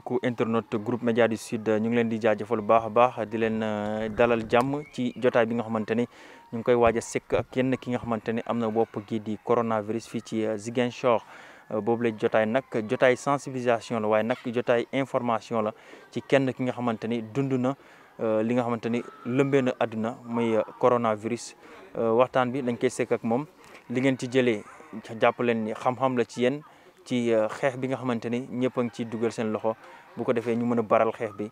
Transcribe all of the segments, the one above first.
mbokku internet groupe média du sud ñu ngi leen di jaajëfal bu baax a baax di leen eh, dalal jàmm ci jotaay bi nga xamante ni ñu ngi koy waaj a sekk kenn ki nga xamante ni am na bopp gii di coronavirus fii ci eh, Ziguinchor eh, boobu la jotaay nag jotaay sensibilisation la waaye nag jotaay information la ci kenn ki nga xamante ni dund na li nga xamante ni lëmbee na àdduna muy coronavirus waxtaan bi dañ koy sekk ak moom li ngeen ci jëlee jàpp leen xam-xam la ci yéen. ci euh, xeex bi nga xamante ni ñëpp a ngi ciy dugal seen loxo bu ko defee ñu mën baral xeex bi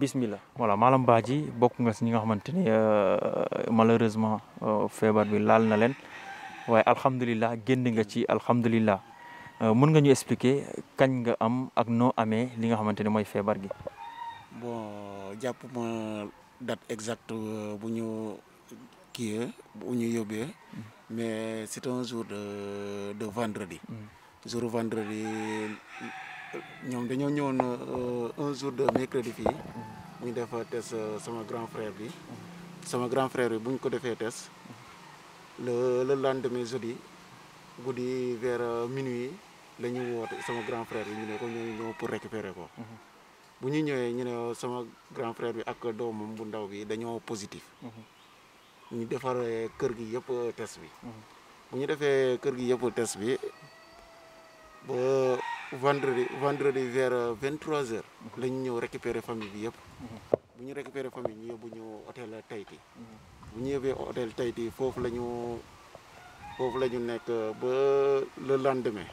bismillah. voilà Malam Badji bokk nga si ñi nga xamante ni euh, malheureusement euh, feebar bi laal na leen waaye alhamdulilah génn nga ci alhamdulilah mën nga ñu expliquer kañ nga am ak noo amee li nga xamante ni mooy feebar gi. bon jàpp ma date exacte bu ñu kii bu ñu yóbbee mm. mais c'est un jour de de vendredi. Mm. je vendredi ñom dañu ñëwone euh, un jour de mercredi fii ñu def test euh, sama grand frère bi sama grand frère bi buñ ko défé test le le lendemain jeudi guddi vers euh, minuit lañu ñu sama grand frère ñu né ko ñoo ñëw pour récupérer ko mhm. buñu ñëwé ñu né sama grand frère bi ak doomam bu ndaw bi dañoo positif mhm. ñu defar mhm. kër gi yëpp test bi buñu défé kër gi yëpp test bi ba vendredi vendredi vers 23h. Euh, mhm. lañ ñëw récupérer famille bi yëpp. Mhm. bu ñu récupérer famille ñu yóbbu ñu hôtel Tahiti. Mhm. bu ñu yóbbee hôtel Tahiti foofu la ñu foofu la ñu nekk euh, ba le lendemain.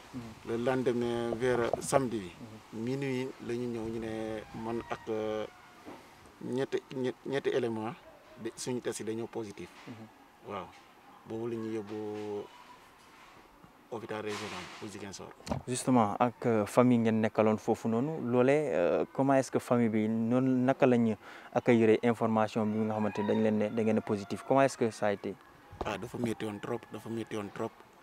le lendemain vers euh, samedi bi. minuit la ñu ñëw ñu ne man ak ñetti ñetti élément suñ test yi dañoo positif. waaw boobu la ñuy yóbbu. hôpital régional bu Ziguinchor. justement ak euh, famille ngeen nekkaloon foofu noonu loolee euh, comment est-ce que famille bi noonu naka la ñu information bi nga xamante ne da ngeen positif comment est a été. ah dafa métti woon trop dafa métti woon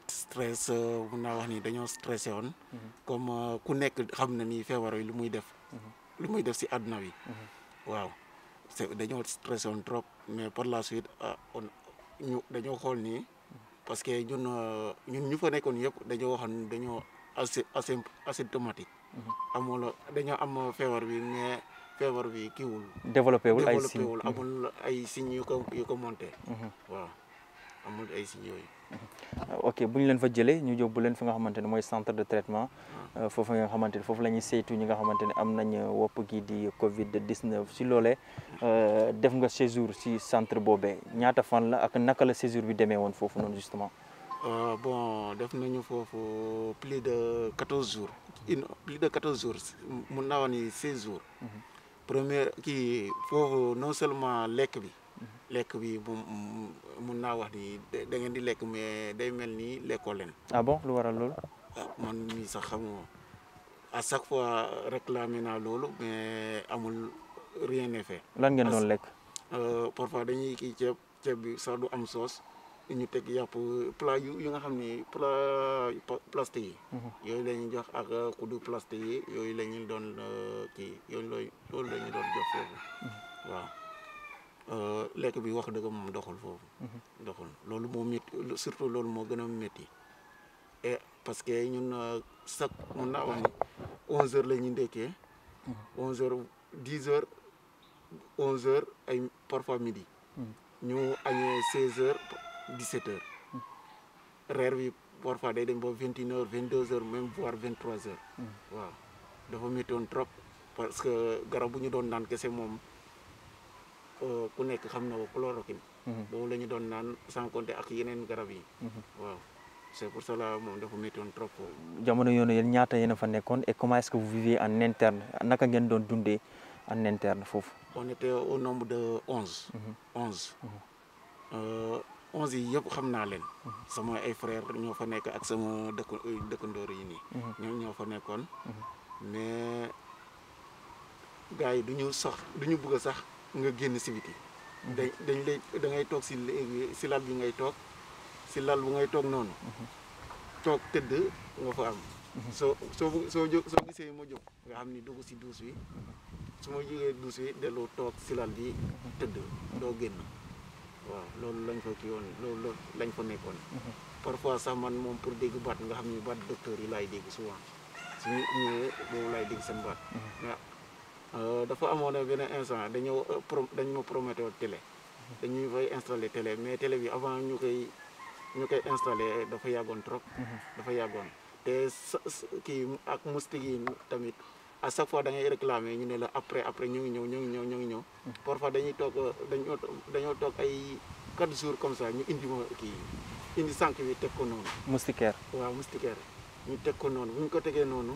stress euh, mun mhm. comme ku nekk xam na ni feebar yi lu muy def. Mhm. lu muy def si àdduna bi. Mhm. waaw dañoo stressé woon trop mais par la suite ah, dañoo xool ni. parce que ñun euh, ñun ñu fa nekkoon yëpp dañoo waxoon dañoo asi asymptomatique. Mhm. amul dañoo am feebar bi mais feebar bi kiiwul. développé wul ay signes wul amul ay signes yu ko yu ko monté. Mhm. waaw amul ay signes yooyu. Mhm. ok bu ñu leen fa jëlee ñu yóbbu leen fi nga xamante ne mooy centre de traitement euh, foofu nga xamante ne foofu la ñuy saytu ñi nga xamante ne am nañ wopp gi di Covid 19 si loolee euh, def nga séjour si centre boobee ñaata fan la ak naka la séjour bi demee woon foofu noonu justement. Euh, bon def nañu foofu plus de quatorze jours une plus de quatorze jours mun naa wax ni seize jours. Mhm. kii foofu non seulement lekk bi. lek bi bu mun wax ni da ngeen di lekk mais day mel ni ah bon lu waral ah man mii sax xam nga chaque fois mais amul rien n'est fait. lan ngeen doon lekk. Euh, parfois dañuy kii ceeb ceeb bi sax du am soos ñu teg yàpp plat yu yu nga xam ni plat plastique mhm. yi. yooyu euh, jox ak plastique jox waaw. Euh, lekk bi wax dëgg moom doxul foofu. Mhm. loolu moo métti surtout loolu moo gën a métti e parce que ñun sax mun naa wax onze heures la ñu ndekkee. Mhm. onze heures dix heures onze heures ay parfois midi. Mhm. ñu añee seize heures dix sept heures. reer bi parfois day dem ba vingt une heures vingt deux heures même voire vingt trois heures. waaw dafa méttoon trop parce que garab bu ñu doon naan kese moom. Euh, ku nekk xam na chloroquine. Mhm. boobu la ñu doon naan sans compter ak yeneen garab yi. Mhm. waaw c'est pour cela moom dafa méttoon trop. jamono yoon yéen ñaata yéen a fa nekkoon et comment est-ce que vous vivez en interne naka ngeen doon dundee en interne foofu. on était au nombre de onze. Mhm. onze. Euh, onze yi yëpp xam naa leen. sama ay frères ñoo fa nekk ak sama dëkk euh, dëkkandoor yi nii. ñoo fa nekkoon. mais gars yi du ñu sox du ñu bëgg sax. nga génn si biti dañ dañ lay da ngay toog si si lal bi ngay toog si lal bu ngay toog noonu mhm. toog tëdd nga fa am mhm. soo soo soo jóg gisee ma jóg nga xam ni dugg si duus wi mhm. su ma jógee duus wi delloo toog si lal bi tëdd doo génn waaw loolu lañ fa kii woon loolu lañ fa nekkoon parfois sax man moom pour dégg baat nga xam ni baat docteur yi laay dégg souvent suñu ñëwee boobu laay dégg seen baat Euh, dafa amoon beneen instant dañoo euh, pro dañu ma prometté télé dañu fay installé télé mais télé bi avant ñu koy ñu koy installé dafa yàggoon trop. Mhm. dafa yàggoon te sa kii ak moustique tamit a chaque fois da ngay réclamer ñu ne la après après ñu ngi ñëw ñu ngi ñëw ñu ngi ñëw. Mhm. parfois dañuy toog euh, dañoo dañoo toog ay quatre jours comme ça ñu indi ma kii indi sànq bi teg ko noonu. moustiquaire waaw moustiquaire ñu teg ko noonu bu ñu ko tegee noonu.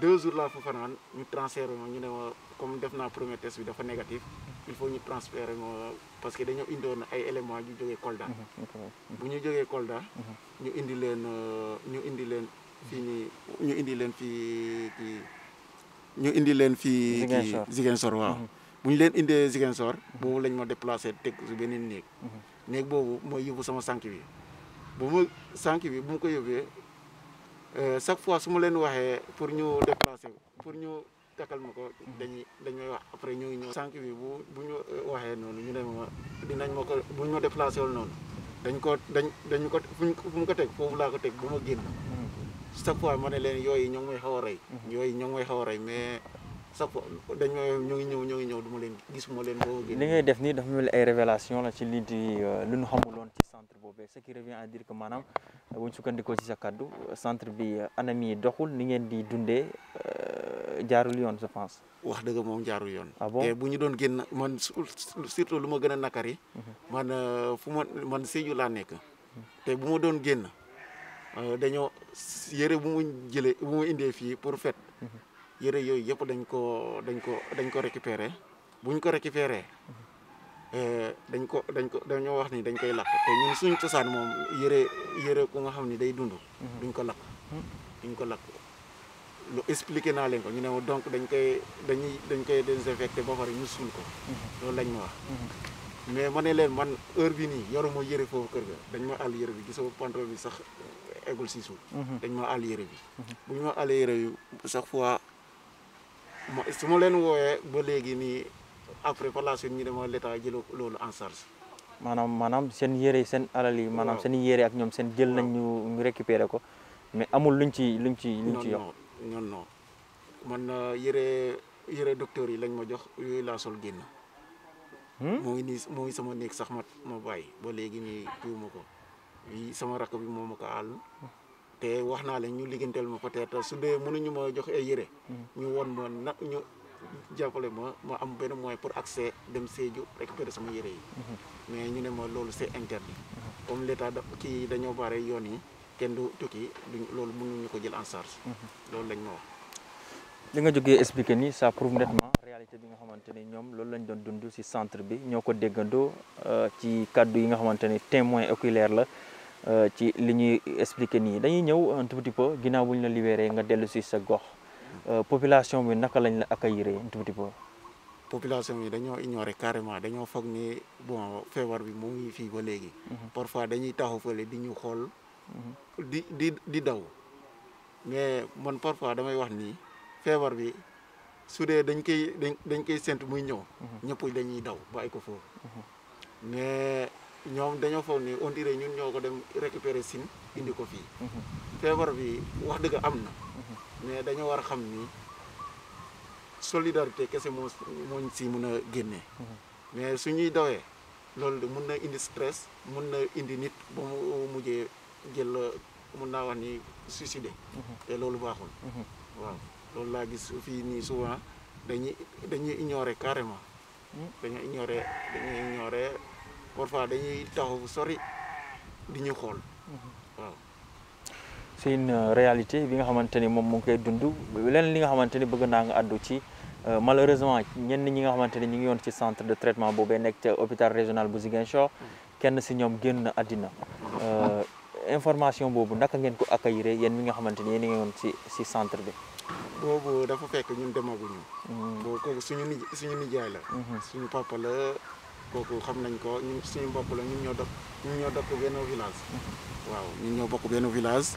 deux jours la fa fanaan ñu transféré ma ñu ne ma comme def naa premier test bi dafa négatif il faut ñu transféré ma parce que dañoo indoon ay éléments yu jógee Kolda mhm, bu ñu jógee Kolda mhm. ñu indi leen euh, ñu indi leen fii nii ñu indi leen fii ñu indi leen fii kii Ziguinchor waaw mhm. bu ñu leen indee Ziguinchor boobu lañ ma déplacé teg su beneen néeg néeg boobu mooy yóbbu sama sànq bi bu ma sànq bi bu ko yóbbee Euh, chaque fois su ma leen waxee pour ñu déplacer pour ñu takkal ma ko dañuy dañuy wax après ñuy ñëw sànq bi bu bu ñu euh, waxee noonu ñu ne ma dinañ ma ko bu ñu déplacé wul noonu dañ ko dañ dañ ko fu mu ko teg foofu laa ko teg bu ma génn chaque fois ma ne leen yooyu ñoo ngi may xaw a rey mm-hmm. yooyu ñoo ngi may xaw a rey mais chaque fois dañ ma ñoo ngi ñëw ñoo ngi ñëw du ma leen gis ma leen boo génn li ngay def nii dafa mel ay révélation la ci lii di euh, lu ñu xamuloon ci centre boobee ce qui revient à dire que maanaam bu ñu sukkandikoo ci sa kàddu centre bi anam doxul ni ngeen di dunde eh, jarulion yoon je pense. wax jarulion. Eh jaarul yoon. ah bon te doon man surtout nakari. Mhm. man euh, fu mansi man Sédhiou laa nekk. te bu ma doon génn euh, dañoo yëre bu mu jëlee bu mu indee fii pour fête. Mhm. yëre yooyu yëpp dañ ko dañ ko dañ ko récupérer ko récupérer. Mhm. dañ ko dañ ko dañoo wax ni dañ koy lakk te ñun suñu cosaan moom yëre yëre ku nga xam ni day dund. Mhm. duñ ko lakk mhm. duñ ko lakk lu expliqué naa leen ko ñu ne ma donc dañ koy dañuy dañ koy désinfecté ba pare ñu suul ko. Mhm. loolu lañ ma wax. mais ma ne leen man heure bi nii yoruma yëre foofu kër ga dañ ma àll yëre bi gisoo pantalon bi sax eggul si suuf. dañ ma àll yëre bi. bu ñu ma àll yëre bi chaque fois su ma leen wooyee ba léegi nii. après par la suite ñu demoon l'état jël loolu en charge. maanaam maanaam seen yére seen alal yi. maanaam seen yére ak ñoom seen jël nañ ñu ñu récupéré ko mais amul luñ ci luñ ci luñ ci yokk. non non man euh, yére yére docteur yi lañ ma jox yooyu laa sol génn. Hmm? moo ngi nii moo sama néeg sax ma ma bàyyi ba léegi nii tuuma ko yi sama rakk bi moom ma ko àll. te wax naa leen ñu liggéeyanteel ma peut-être su dee ñu ma jox ay yére. Hmm. ñu won ma na ñu jàppale mhm. mhm. mhm. ma ma am benn moyen pour accès dem Sédhiou récupérer sama yére yi mais ñu ne ma loolu c'est interdit comme l'état da kii dañoo bare yoon yi kenn du tukki duñ loolu mënuñu ko jël en charge loolu lañ ma wax li nga jógee expliqué nii ça prouve nettement réalité bi nga xamante ni ñoom lañ doon dund ci centre bi ñoo ko déggandoo eh, ci kàddu yi nga xamante ni témoin oculaire la ci li ñuy expliqué eh, dañuy ñëw un tout petit peu la nga ci sa gox Euh, population bi naka lañ la accueillir un tout petit peu. population yi dañoo ignorer carrément dañoo foog ni bon feebar bi mu ngi fii ba léegi. Mhm. parfois dañuy taxaw fële di ñu xool. Mhm. di di di daw. mais man parfois damay wax nii feebar bi su dee dañ koy dañ dañ koy séntu muy ñëw. Mhm. ñëpp dañuy daw bàyyi ko foofu. mais ñoom dañoo foog ni on dirait ñun ñoo ko dem récupérer sin indi ko fii. feebar bi wax dëgg am na. mais dañu war a xam ni solidarité kese moo mooñ si mën a génne mhm. mais suñuy dawee loolu mën na indi stress mën na indi nit ba mu mujjee jël mën naa wax ni suicidé mhm. te loolu baaxul mhm. waaw loolu laa gis fii nii souvent dañuy dañuy ignorer carrément hmm? dañuy ignorer dañuy ignorer parfois dañuy taxaw sori di ñu xool waaw c' est une réalité bi nga xamante ni moom mu ngi koy dund leneen li nga xamante bëgg naa nga àddu ci euh, malheureusement ñenn ñi nga xamante ni ñu ngi yoon ci centre de traitement boobee nekk ca hôpital régional bu Ziguinchor kenn si ñoom génn àddina euh, information boobu naka ngeen ko accueillir yéen mi nga xamante ni a ngi yoon ci si centre bi. dafa fekk ñun hmm. suñu suñu nijaay la. Hmm. suñu papa la kooku xam nañ ko ñun suñu bopp la ñun ñun benn village. Hmm. waaw ñun bokk benn village.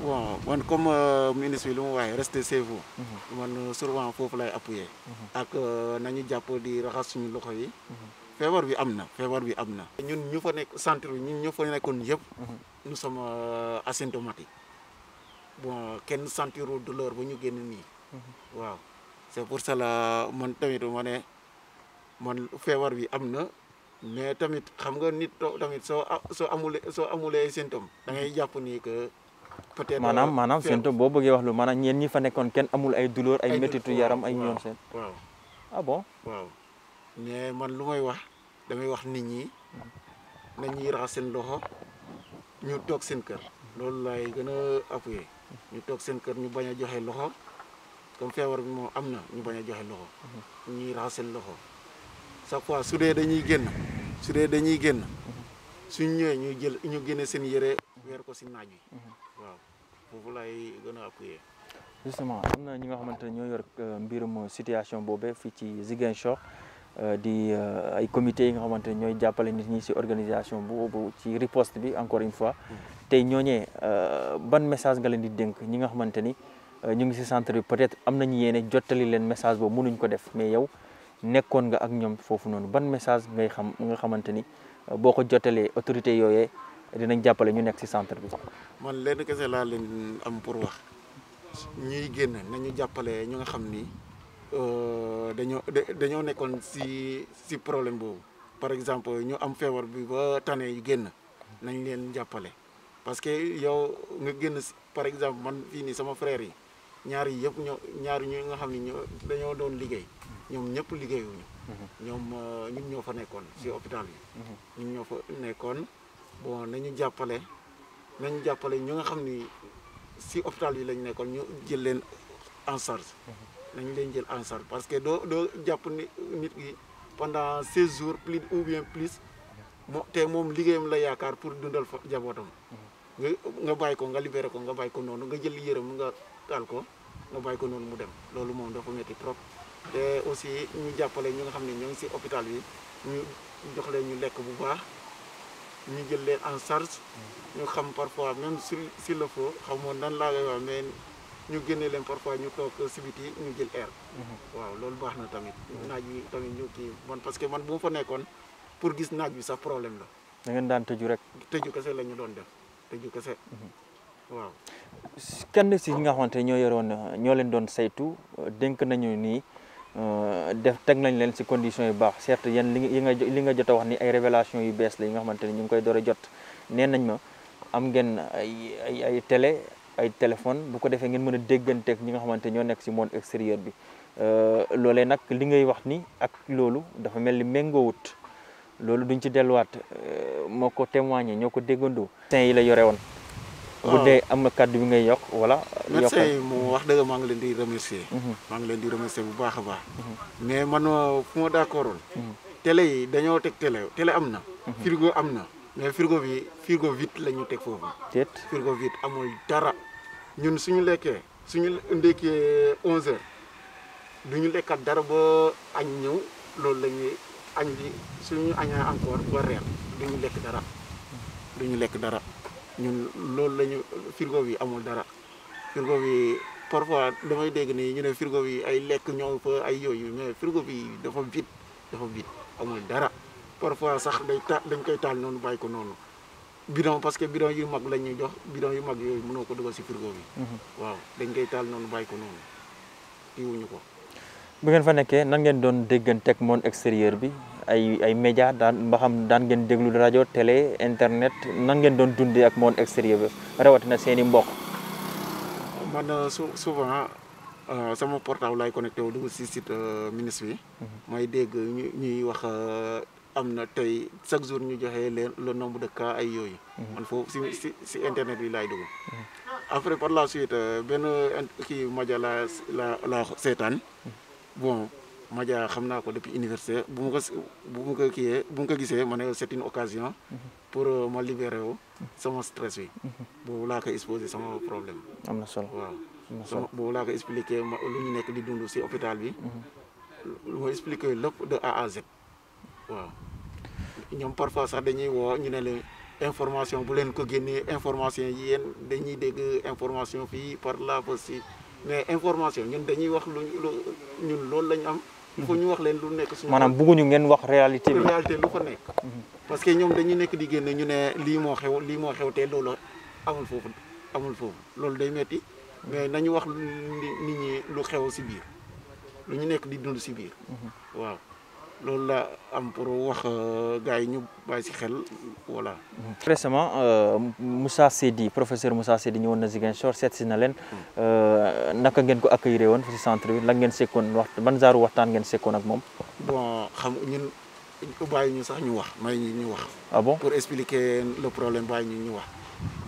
bon man comme euh, ministre bi lu mu waxee restez chez mhm. man euh, souvent foofu lay appuyer. Mhm. ak euh, nañu jàpp di raxas suñu loxo yi. Mhm. feebar bi am na feebar bi am na. ñun ñu fa nekk centre bi ñun ñu fa nekkoon yëpp. nous sommes asymptomatiques bon kenn sentiru douleur ba ñu génn nii. waaw c'est pour cela man tamit ma ne man feebar bi am na. mais tamit xam nga nit tamit soo soo amulee soo amulee symptôme da jàpp ni peut-être euh, maanaam maanaam boo bëggee wax lu maanaam ñeen ñi fa nekkoon kenn amul ay douleur ay métitu yaram ay ñoom seen waaw ah bon waaw man lu may wax damay wax nit ñi nañuy raxas seen loxo ñu toog seen kër loolu laay gën a appuyer ñu toog seen kër ñu bañ a joxe loxo comme feebar bi moom am ñu bañ a joxe loxo ñuy raxas seen loxo chaque su dee dañuy génn su dañuy génn ñëwee ñu jël ñu génne seen yére weer ko si naaj mhm. waaw foofu lay gën a appuyer. justement am na ñi nga xamante ne ñoo yor euh, mbirum situation boobee fii ci Ziguinchor euh, di euh, ay comité yi nga xamante ne ñooy jàppale nit ñi si organisation boobu ci riposte bi encore une fois mhm. tey ñooñee ban message nga leen di dénk ñi nga xamante ni ñu ngi si centre bi peut-être am nañu yéene jottali leen message boobu mënuñ ko def mais yow nekkoon nga ak ñoom foofu noonu ban message ngay xam nga xamante ni boo ko jottalee autorité yooyee dinañ jàppale ñu nekk si centre bi. man lenn kese laa leen am pour wax ñuy génn nañu jàppale ñu nga xam ni euh, dañoo dañoo nekkoon ci ci problème boobu par exemple ñu am feebar bi ba tane yu génn nañ leen jàppale parce que yow nga génn par exemple man fii sama frère yi ñaar yi yëpp ñoo ñaar nga xam ni ñoo dañoo doon liggéey ñoom ñëpp liggéeyuñu. Mhm. ñoom euh, ñun ñoo fa nekkoon si hôpital yi mhm. ñun ñoo fa nekkoon. bon nañu jàppale nañu jàppale ñu nga ni si hôpital yi lañ nekkoon ñu jël leen en charge nañ leen jël en charge parce que doo doo jàpp ni nit gi pendant seize jours plus ou bien plus moo te moom liggéeyam la yaakaar pour dundal fa jabootam nga nga bàyyi ko nga libéré ko nga bàyyi ko noonu nga jël yërëm nga taal ko nga bàyyi ko noonu mu dem dafa metti trop te aussi ñu jàppale ñu nga xam ne si hôpital bi ñu jox leen ñu bu baax ñu jël leen en charge ñu xam parfois même si s'il le faut xamoon nan laa koy mais ñu génne leen parfois ñu toog si ñu jël air. Mhm. waaw loolu baax na tamit. naaj bi tamit ñu kii bon parce que man bu ma fa nekkoon pour gis naaj wi sax problème la. da ngeen daan tëju rek. tëju kese la ñu doon dem tëju kese. Mhm. waaw. kenn si nga xamante ñoo yoroon ñoo leen doon saytu dénk nañu nii. Euh, def teg nañ leen si condition yu baax certes yéen li nga li nga jot a wax ni ay révélation yu bees la yi nga xamante ni ñu ngi koy door jot nee nañ ma am ngeen ay ay ay télé ay téléphone bu ko defee ngeen mën a dégganteeg ñi nga xamante ñoo nekk ci monde extérieur bi euh, loole nag li ngay wax ni ak loolu dafa mel ni wut loolu duñ ci delluwaat euh, moo ko témoigné ñoo ko déggandoo. yi la yore woon. bu dee am na yok, bi ngay wala. médecin yi mo wax dëgg maa ngi leen di remercier. Mhm. maa ngi leen di remercier bu baax a baax. Mhm. mais man euh, fu ma d'accordul. Mhm. télé yi dañoo teg télé télé am frigo am mais frigo bi frigo vide la ñu teg foofu. déet frigo vide amul dara ñun suñu lekkee suñu ndekkee 11h du ñu lekkat dara ba añ ñëw loolu la ñuy añ bi suñu añaa encore ba lekk dara lekk dara. ñun loolu lañu ñu frigo bi amul dara frigo bi parfois damay dégg ni ñu ne frigo bi ay lekk ñoo fa ay yooyu mais frigo bi dafa vide dafa vide amul dara parfois sax day ta dañ koy taal noonu bàyyi ko noonu bidon parce que bidon yu mag la ñuy jox bidon yu mag yooyu mënoo ko dugal si frigo bi. Mhm. waaw dañ koy taal noonu bàyyi ko noonu kiiwuñu ko. bu ngeen fa nekkee nan ngeen doon dégganteeg monde extérieur bi ay ay média dan mba xam daan ngeen déglu rajo télé internet nan ngeen doon dundee ak monde extérieur bi rawatina seeni mbokk man euh, souvent euh, sama portable lay connecté wu dugg si site euh, ministre bi mhm. may dégg ñuy wax am na tey chaque jour ñu joxe le nombre de cas ay yooyu mhm. man foofu si si internet bi lay dugg mhm. après par la suite benn kii maja la la la seetaan bon Madia xam naa ko depuis université bu ma bu ma ko bu ma ko gisee c'est une occasion pour euh, me libérer wu sama stress bi boobu laa ko exposé sama problème am na solo waaw sama boobu laa ko expliqué ma lu ñu nekk di dund si hôpital bi lu ma expliqué de A à Z parfois sax dañuy woo ñu ne leen information bu len ko guéné information yi yéen dañuy dégg information fi par là aussi mais information ñun dañuy wax lu ñun lool lañ am il ñu wax leen lu nekk suñu. maanaam bëgguñu ngeen wax réalité bi réalité lu ko nekk. Mhm. parce que ñoom dañu nekk di génne ñu ne lii moo xew lii moo xew te loolu amul foofu amul foofu loolu day metti mais nañu wax nit ñi lu xew si biir lu ñu nekk di dund si biir mhm. waaw. loolu la am pour wax euh, gars yi ñu bàyyi si xel voilà. récemment euh, Moussa Seydi professeur Moussa Seydi ñëwoon na Ziguinchor seet si na leen euh, naka ngeen ko accueillir woon si centre bi lan ngeen sekkoon wax ban waxtaan ngeen sekkoon ak moom. bon xam ñun bàyyi ñu sax ñu wax may ñu ñu wax. Ah bon pour expliquer le problème bàyyi ñu ñu wax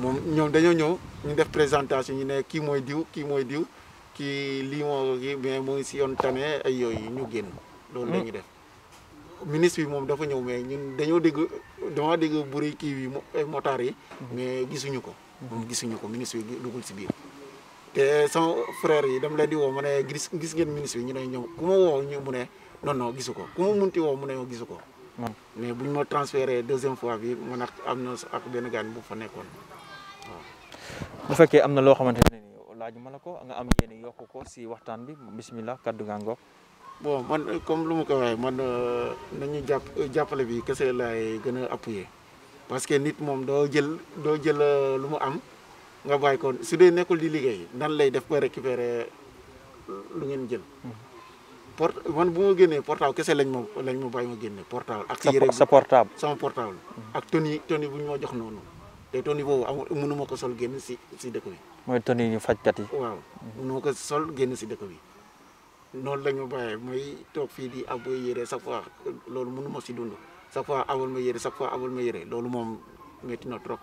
moom ñoom dañoo ñëw ñu def présentation ñu ne kii mooy diw kii mooy diw kii lii moo kii mais mu si yoon tane ay yooyu ñu génn. loolu la hmm. ñu def. ministre bi moom dafa ñëw mais ñun dañoo dégg dama dégg buri kii bi eh, motar yi mais gisuñu ko moom gisuñu ko ministre bi dugul si biir frère yi di ne gis gis ngeen ministre bi ñu ne ñu mu ne non non gisuko, ko munti woo mu ne yo gisuko hmm. mais buñ ma transféré deuxième fois bi man ak am na ak benn gaan bu fa nekkoon waaw bu fekkee amna na loo xamante ne ko nga am yéene yokk ko si waxtaan bi bismillah kaddu bon man euh, comme lu ma ko waxee man euh, nañu jàpp euh, jàppale bi kese laay gën a appuye parce que nit moom doo jël doo jël lu mu am nga bàyyi ko su dee nekkul di liggéey nan lay def ba récupérer lu ngeen jël. Mhm. port man bu ma génnee portable kese lañ ma lañ ma bàyyi ma génne portable. ak yére sa portable sama portable. Mhm. ak toni toni bu ñu ma jox noonu te toni boobu amul mënu ma ko sol génn si si dëkk bi. mooy toni ñu fajkat yi. waaw mhm. mënu ma ko sol génn si dëkk bi. noonu la ñu bàyyee mooy toog fii di ab yére chaque fois loolu mënu moo si dund chaque fois awal ma yëre chaque fois awal ma yére loolu moom métti na trop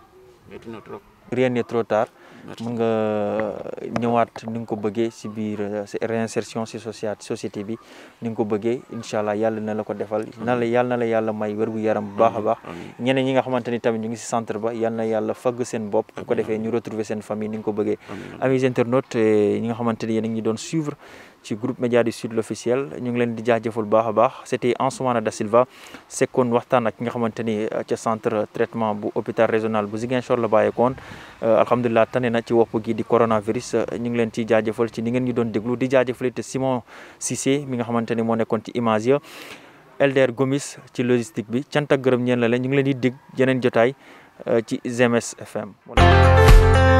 métti na trop. rien n'est trop tard mën nga euh, ñëwaat ni nga ko bëggee si biir euh, réinsertion si société société bi ni nga ko bëggee incha allah yàlla na la ko defal na la yàlla na la yàlla may wérgu yaram bu baax a baax ñi nga xamante ni tamit ñu ngi si centre ba yàlla na yàlla fagg seen bopp ko defee ñu retrouver seen famille ni nga ko bëggee amis internautes euh, ñi nga xamante ni yéen a ngi doon suivre ci groupe média du sud l'officiel ñu ngi leen di jaajëfal baax a baax c'était Ansoumana Da Silva sekkoon waxtaan ak ki nga xamante ni euh, ca centre traitement bu hôpital régional bu Ziguinchor la bàyyeekoon euh, alhamdulilah tane na ci wopp gi di coronavirus euh, ñu ngi leen ci jaajëfal ci ni ngeen ñu doon déglu di jaajëfal te Simon Cissé mi nga xamante ni moo nekkoon ci image ya LDR Gomis ci logistique bi cant ak gërëm ñeen la leen ñu ngi leen di dig yeneen jotaay ci GMS FM